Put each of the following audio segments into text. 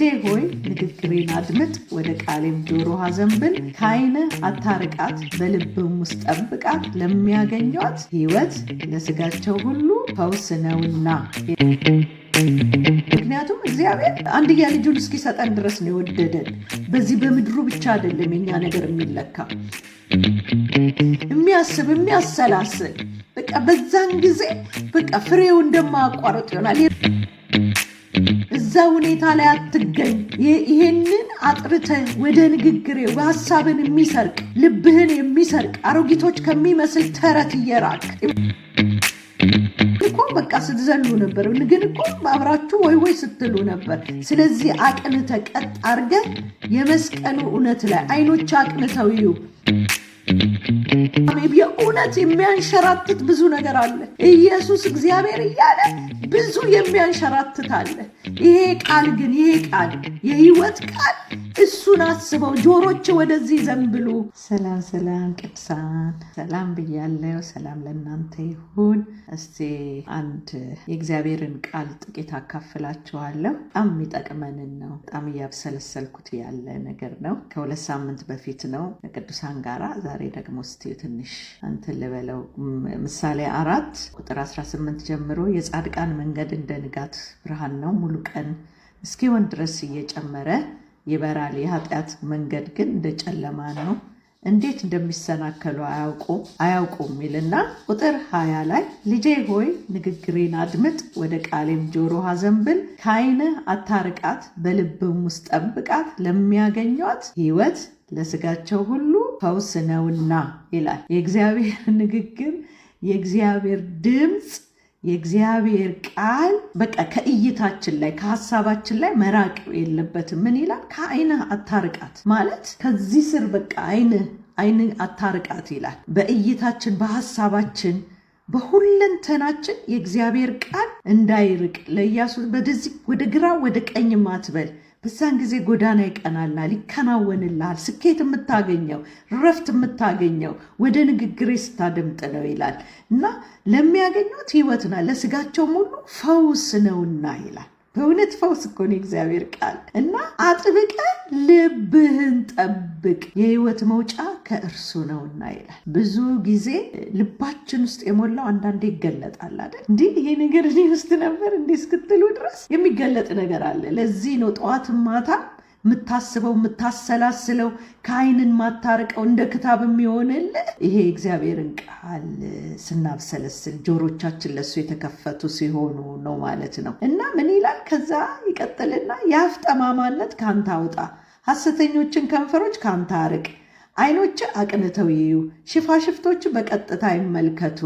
ልጄ ሆይ ንግግሬን አድምጥ፣ ወደ ቃሌም ጆሮህ አዘንብል። ከዓይንህ አታርቃት፣ በልብም ውስጥ ጠብቃት። ለሚያገኟት ሕይወት ለስጋቸው ሁሉ ፈውስ ነውና። ምክንያቱም እግዚአብሔር አንድያ ልጁን እስኪሰጠን ድረስ ነው የወደደን። በዚህ በምድሩ ብቻ አይደለም የኛ ነገር የሚለካ። የሚያስብ የሚያሰላስል፣ በቃ በዛን ጊዜ በቃ ፍሬው እንደማያቋርጥ ይሆናል። ሁኔታ ላይ አትገኝ። ይሄንን አጥርተ ወደ ንግግሬ ሀሳብን የሚሰርቅ ልብህን የሚሰርቅ አሮጊቶች ከሚመስል ተረት እየራቅ እኮ በቃ ስትዘሉ ነበር፣ ግን እኮ አብራችሁ ወይ ወይ ስትሉ ነበር። ስለዚህ አቅንተ ቀጥ አድርገህ የመስቀሉ እውነት ላይ አይኖች አቅንተው እዩ። የእውነት የሚያንሸራትት ብዙ ነገር አለ። ኢየሱስ እግዚአብሔር እያለ ብዙ የሚያንሸራትት አለ። ይሄ ቃል ግን ይሄ ቃል የህይወት ቃል እሱን አስበው። ጆሮች ወደዚህ ዘንብሉ። ሰላም ሰላም፣ ቅዱሳን ሰላም ብያለው። ሰላም ለእናንተ ይሁን። እስቲ አንድ የእግዚአብሔርን ቃል ጥቂት አካፍላችኋለሁ። በጣም የሚጠቅመንን ነው። በጣም እያብሰለሰልኩት ያለ ነገር ነው። ከሁለት ሳምንት በፊት ነው ከቅዱሳን ጋራ። ዛሬ ደግሞ እስቲ ትንሽ እንትን ልበለው። ምሳሌ አራት ቁጥር 18 ጀምሮ የጻድቃን መንገድ እንደ ንጋት ብርሃን ነው ሙሉ ቀን እስኪሆን ድረስ እየጨመረ ይበራል። የኃጢአት መንገድ ግን እንደ ጨለማ ነው፣ እንዴት እንደሚሰናከሉ አያውቁም ይልና ቁጥር ሀያ ላይ ልጄ ሆይ ንግግሬን አድምጥ፣ ወደ ቃሌም ጆሮ አዘንብል፣ ከዓይንህ አታርቃት፣ በልብም ውስጥ ጠብቃት፣ ለሚያገኟት ሕይወት ለስጋቸው ሁሉ ፈውስ ነውና ይላል። የእግዚአብሔር ንግግር የእግዚአብሔር ድምፅ የእግዚአብሔር ቃል በቃ ከእይታችን ላይ ከሀሳባችን ላይ መራቅ የለበትም። ምን ይላል? ከአይንህ አታርቃት ማለት ከዚህ ስር በቃ አይንህ አይንህ አታርቃት ይላል። በእይታችን በሀሳባችን በሁለንተናችን የእግዚአብሔር ቃል እንዳይርቅ ለኢያሱ ወደዚህ ወደ ግራ ወደ ቀኝ ማትበል በዛን ጊዜ ጎዳና ይቀናልናል፣ ይከናወንልሃል። ስኬት የምታገኘው ረፍት የምታገኘው ወደ ንግግሬ ስታደምጥ ነው ይላል እና ለሚያገኙት ህይወትና ለስጋቸው ሁሉ ፈውስ ነውና ይላል። በእውነት ፈውስ እኮ ነው እግዚአብሔር ቃል እና አጥብቀ ልብህን ጠብቅ የህይወት መውጫ ከእርሱ ነውና ይላል። ብዙ ጊዜ ልባችን ውስጥ የሞላው አንዳንዴ ይገለጣል አይደል? እንዲህ ይሄ ነገር እኔ ውስጥ ነበር እንዲህ እስክትሉ ድረስ የሚገለጥ ነገር አለ። ለዚህ ነው ጠዋትም ማታ የምታስበው የምታሰላስለው ከአይንን ማታርቀው እንደ ክታብ የሚሆንልህ ይሄ እግዚአብሔርን ቃል ስናብሰለስል ጆሮቻችን ለሱ የተከፈቱ ሲሆኑ ነው ማለት ነው። እና ምን ይላል ከዛ ይቀጥልና የአፍ ጠማማነት ከአንተ አውጣ፣ ሐሰተኞችን ከንፈሮች ከአንተ አርቅ። አይኖች አቅንተው ይዩ፣ ሽፋሽፍቶች በቀጥታ ይመልከቱ።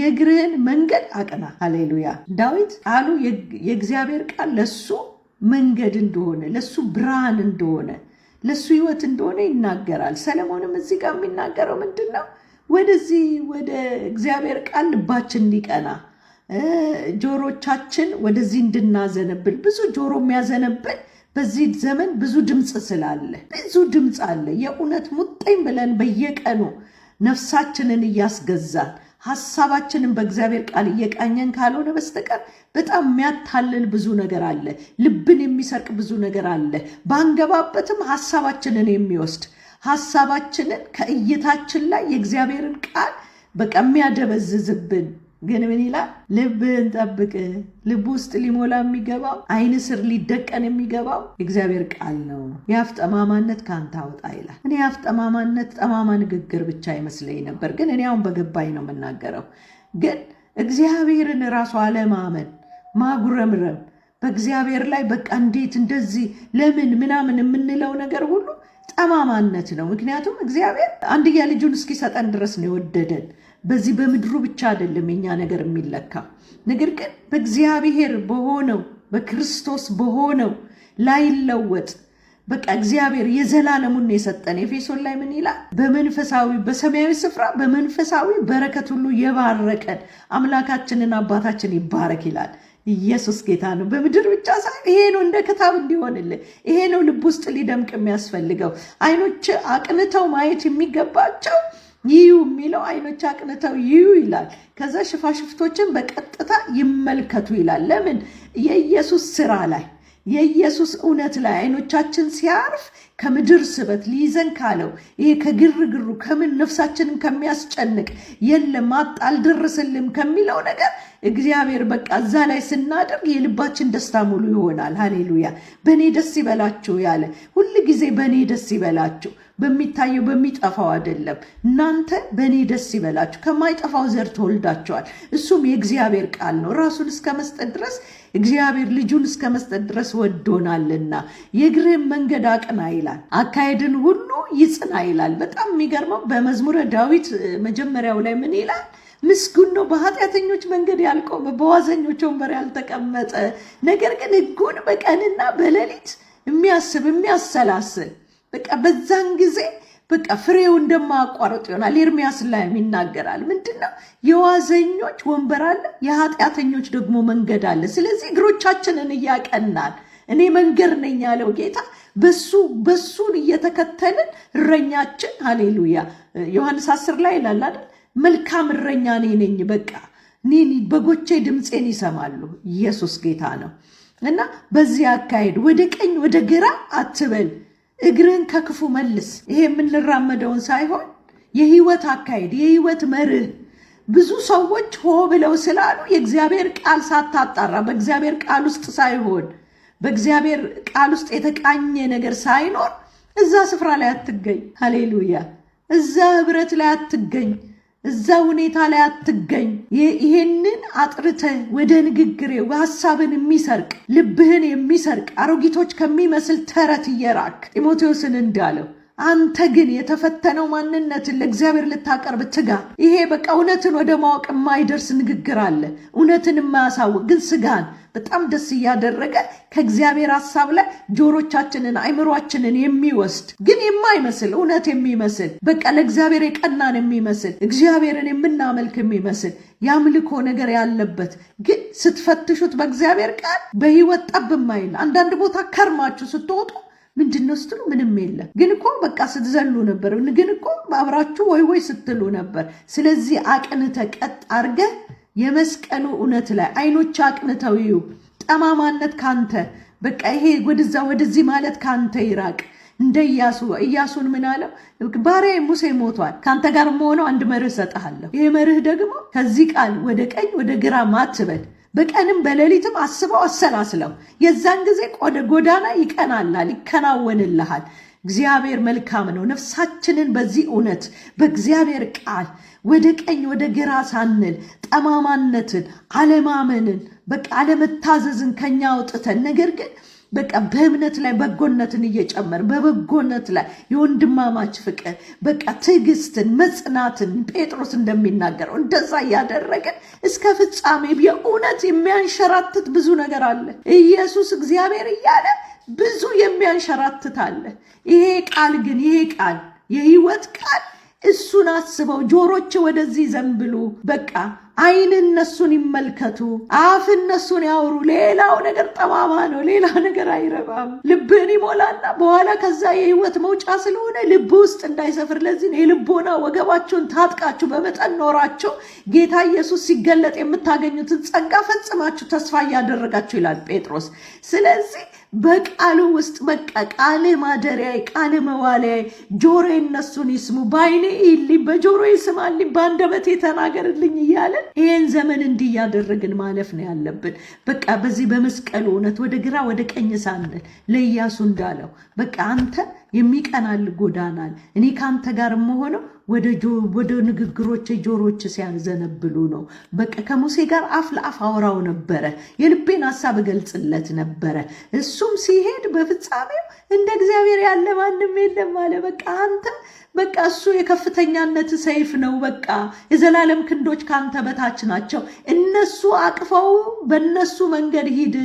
የእግርህን መንገድ አቅና። ሀሌሉያ ዳዊት ቃሉ የእግዚአብሔር ቃል ለሱ መንገድ እንደሆነ ለሱ ብርሃን እንደሆነ ለሱ ህይወት እንደሆነ ይናገራል። ሰለሞንም እዚህ ጋር የሚናገረው ምንድን ነው? ወደዚህ ወደ እግዚአብሔር ቃል ልባችን እንዲቀና ጆሮቻችን ወደዚህ እንድናዘነብል ብዙ ጆሮ የሚያዘነብል በዚህ ዘመን ብዙ ድምፅ ስላለ ብዙ ድምፅ አለ። የእውነት ሙጠኝ ብለን በየቀኑ ነፍሳችንን እያስገዛን ሀሳባችንን በእግዚአብሔር ቃል እየቃኘን ካልሆነ በስተቀር በጣም የሚያታልል ብዙ ነገር አለ። ልብን የሚሰርቅ ብዙ ነገር አለ። ባንገባበትም ሀሳባችንን የሚወስድ ሀሳባችንን ከእይታችን ላይ የእግዚአብሔርን ቃል በቃ የሚያደበዝዝብን ግን ምን ይላል? ልብ ጠብቅ። ልብ ውስጥ ሊሞላ የሚገባው አይን ስር ሊደቀን የሚገባው የእግዚአብሔር ቃል ነው። የአፍ ጠማማነት ከአንተ አውጣ ይላል። እኔ የአፍ ጠማማነት ጠማማ ንግግር ብቻ ይመስለኝ ነበር፣ ግን እኔ አሁን በገባኝ ነው የምናገረው። ግን እግዚአብሔርን ራሱ አለማመን፣ ማጉረምረም በእግዚአብሔር ላይ በቃ እንዴት እንደዚህ ለምን ምናምን የምንለው ነገር ሁሉ ጠማማነት ነው። ምክንያቱም እግዚአብሔር አንድያ ልጁን እስኪሰጠን ድረስ ነው የወደደን። በዚህ በምድሩ ብቻ አይደለም የኛ ነገር የሚለካ ነገር ግን በእግዚአብሔር በሆነው በክርስቶስ በሆነው ላይለወጥ በቃ እግዚአብሔር የዘላለሙን የሰጠን። ኤፌሶን ላይ ምን ይላል? በመንፈሳዊ በሰማያዊ ስፍራ በመንፈሳዊ በረከት ሁሉ የባረቀን አምላካችንን አባታችን ይባረክ ይላል። ኢየሱስ ጌታ ነው። በምድር ብቻ ሳይሆን ይሄ ነው እንደ ክታብ እንዲሆንልን፣ ይሄ ነው ልብ ውስጥ ሊደምቅ የሚያስፈልገው አይኖች አቅንተው ማየት የሚገባቸው ይዩ የሚለው አይኖች አቅንተው ይዩ ይላል። ከዛ ሽፋሽፍቶችን በቀጥታ ይመልከቱ ይላል። ለምን የኢየሱስ ስራ ላይ የኢየሱስ እውነት ላይ አይኖቻችን ሲያርፍ ከምድር ስበት ሊይዘን ካለው ይሄ ከግርግሩ ከምን ነፍሳችንን ከሚያስጨንቅ የለም አልደርስልም ከሚለው ነገር እግዚአብሔር በቃ እዛ ላይ ስናደርግ የልባችን ደስታ ሙሉ ይሆናል። ሃሌሉያ። በእኔ ደስ ይበላችሁ ያለ ሁል ጊዜ በእኔ ደስ ይበላችሁ በሚታየው በሚጠፋው አይደለም። እናንተ በእኔ ደስ ይበላችሁ፣ ከማይጠፋው ዘር ተወልዳችኋል። እሱም የእግዚአብሔር ቃል ነው። ራሱን እስከ መስጠት ድረስ እግዚአብሔር ልጁን እስከ መስጠት ድረስ ወዶናልና የእግርህን መንገድ አቅና ይላል፣ አካሄድን ሁሉ ይጽና ይላል። በጣም የሚገርመው በመዝሙረ ዳዊት መጀመሪያው ላይ ምን ይላል? ምስጉን ነው በኃጢአተኞች መንገድ ያልቆመ በዋዘኞች ወንበር ያልተቀመጠ ነገር ግን ሕጉን በቀንና በሌሊት የሚያስብ የሚያሰላስል በቃ በዛን ጊዜ በቃ ፍሬው እንደማያቋርጥ ይሆናል። ኤርሚያስ ላይም ይናገራል። ምንድነው የዋዘኞች ወንበር አለ፣ የኃጢአተኞች ደግሞ መንገድ አለ። ስለዚህ እግሮቻችንን እያቀናን እኔ መንገድ ነኝ ያለው ጌታ በሱ በሱን እየተከተልን እረኛችን ሃሌሉያ ዮሐንስ አስር ላይ ይላል አይደል መልካም እረኛ እኔ ነኝ በቃ እኔ በጎቼ ድምፄን ይሰማሉ። ኢየሱስ ጌታ ነው እና በዚህ አካሄድ ወደ ቀኝ ወደ ግራ አትበል እግርህን ከክፉ መልስ። ይሄ የምንራመደውን ሳይሆን የህይወት አካሄድ፣ የህይወት መርህ ብዙ ሰዎች ሆ ብለው ስላሉ የእግዚአብሔር ቃል ሳታጣራ በእግዚአብሔር ቃል ውስጥ ሳይሆን በእግዚአብሔር ቃል ውስጥ የተቃኘ ነገር ሳይኖር እዛ ስፍራ ላይ አትገኝ። ሀሌሉያ እዛ ህብረት ላይ አትገኝ። እዛ ሁኔታ ላይ አትገኝ። ይሄንን አጥርተ ወደ ንግግሬ ሀሳብን የሚሰርቅ ልብህን የሚሰርቅ አሮጊቶች ከሚመስል ተረት እየራክ ጢሞቴዎስን እንዳለው አንተ ግን የተፈተነው ማንነትን ለእግዚአብሔር ልታቀርብ ትጋ። ይሄ በቃ እውነትን ወደ ማወቅ የማይደርስ ንግግር አለ፣ እውነትን የማያሳውቅ ግን ስጋን በጣም ደስ እያደረገ ከእግዚአብሔር ሀሳብ ላይ ጆሮቻችንን አይምሯችንን የሚወስድ ግን የማይመስል እውነት የሚመስል በቃ ለእግዚአብሔር የቀናን የሚመስል እግዚአብሔርን የምናመልክ የሚመስል የአምልኮ ነገር ያለበት ግን ስትፈትሹት በእግዚአብሔር ቃል በህይወት ጠብ የማይል አንዳንድ ቦታ ከርማችሁ ስትወጡ ምንድን ነው ስትሉ ምንም የለም። ግን እኮ በቃ ስትዘሉ ነበር፣ ግን እኮ አብራችሁ ወይ ወይ ስትሉ ነበር። ስለዚህ አቅንተ ቀጥ አርገ የመስቀሉ እውነት ላይ አይኖች አቅንተው ይዩ። ጠማማነት ካንተ በቃ ይሄ ወደዛ ወደዚህ ማለት ካንተ ይራቅ። እንደ እያሱ እያሱን ምን አለው? ባሪያ ሙሴ ሞቷል፣ ከአንተ ጋር መሆነው አንድ መርህ ሰጠሃለሁ። ይህ መርህ ደግሞ ከዚህ ቃል ወደ ቀኝ ወደ ግራ ማትበል በቀንም በሌሊትም አስበው አሰላስለው። የዛን ጊዜ ጎዳና ይቀናናል፣ ይከናወንልሃል። እግዚአብሔር መልካም ነው። ነፍሳችንን በዚህ እውነት በእግዚአብሔር ቃል ወደ ቀኝ ወደ ግራ ሳንል ጠማማነትን፣ አለማመንን፣ በቃ አለመታዘዝን ከኛ አውጥተን ነገር ግን በቃ በእምነት ላይ በጎነትን እየጨመር በበጎነት ላይ የወንድማማች ፍቅር በቃ ትዕግስትን፣ መጽናትን ጴጥሮስ እንደሚናገረው እንደዛ እያደረገን እስከ ፍጻሜ የእውነት የሚያንሸራትት ብዙ ነገር አለ ኢየሱስ እግዚአብሔር እያለ ብዙ አለ ይሄ ቃል ግን ይሄ ቃል የህይወት ቃል እሱን አስበው። ጆሮች ወደዚህ ዘንብሉ። በቃ አይን እነሱን ይመልከቱ፣ አፍ እነሱን ያውሩ። ሌላው ነገር ጠማማ ነው፣ ሌላ ነገር አይረባም። ልብህን ይሞላና በኋላ ከዛ የህይወት መውጫ ስለሆነ ልብ ውስጥ እንዳይሰፍር ለዚህ የልቦና ወገባችሁን ታጥቃችሁ በመጠን ኖራችሁ ጌታ ኢየሱስ ሲገለጥ የምታገኙትን ጸጋ ፈጽማችሁ ተስፋ እያደረጋችሁ ይላል ጴጥሮስ። ስለዚህ በቃሉ ውስጥ በቃ ቃሌ ማደሪያ ቃሌ መዋለያ፣ ጆሮ እነሱን ይስሙ፣ በአይኔ ይልኝ፣ በጆሮ ይስማልኝ፣ በአንደበቴ ተናገርልኝ እያለ ይህን ዘመን እንዲያደረግን ማለፍ ነው ያለብን። በቃ በዚህ በመስቀሉ እውነት ወደ ግራ ወደ ቀኝ ሳንል ለኢያሱ እንዳለው በቃ አንተ የሚቀናል ጎዳናል። እኔ ከአንተ ጋር የምሆነው ወደ ንግግሮች ጆሮች ሲያዘነብሉ ነው። በቃ ከሙሴ ጋር አፍ ለአፍ አውራው ነበረ፣ የልቤን ሀሳብ እገልጽለት ነበረ። እሱም ሲሄድ በፍጻሜው እንደ እግዚአብሔር ያለ ማንም የለም አለ። በቃ አንተ በቃ እሱ የከፍተኛነት ሰይፍ ነው። በቃ የዘላለም ክንዶች ካንተ በታች ናቸው። እነሱ አቅፈው በእነሱ መንገድ ሂድ፣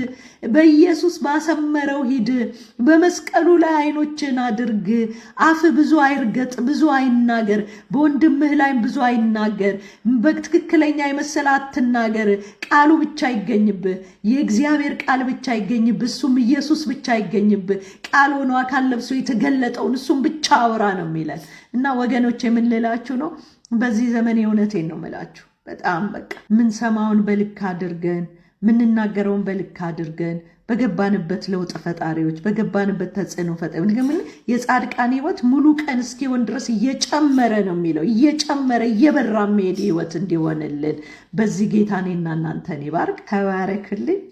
በኢየሱስ ባሰመረው ሂድ፣ በመስቀሉ ላይ አይኖችን አድርግ። አፍ ብዙ አይርገጥ፣ ብዙ አይናገር፣ በወንድምህ ላይም ብዙ አይናገር። በትክክለኛ የመሰለ አትናገር። ቃሉ ብቻ ይገኝብህ፣ የእግዚአብሔር ቃል ብቻ ይገኝብህ፣ እሱም ኢየሱስ ብቻ ይገኝብህ። ቃል ሆኖ አካል ለብሶ የተገለጠውን እሱም ብቻ አውራ ነው የሚለን እና ወገኖች የምንላችሁ ነው። በዚህ ዘመን የእውነቴን ነው ምላችሁ በጣም በቃ ምንሰማውን በልክ አድርገን ምንናገረውን በልክ አድርገን በገባንበት ለውጥ ፈጣሪዎች በገባንበት ተጽዕኖ ፈጣሪ ግን የጻድቃን ህይወት ሙሉ ቀን እስኪሆን ድረስ እየጨመረ ነው የሚለው እየጨመረ እየበራ የሚሄድ ህይወት እንዲሆንልን በዚህ ጌታ እኔና እናንተን ይባርክ። ተባረክልኝ።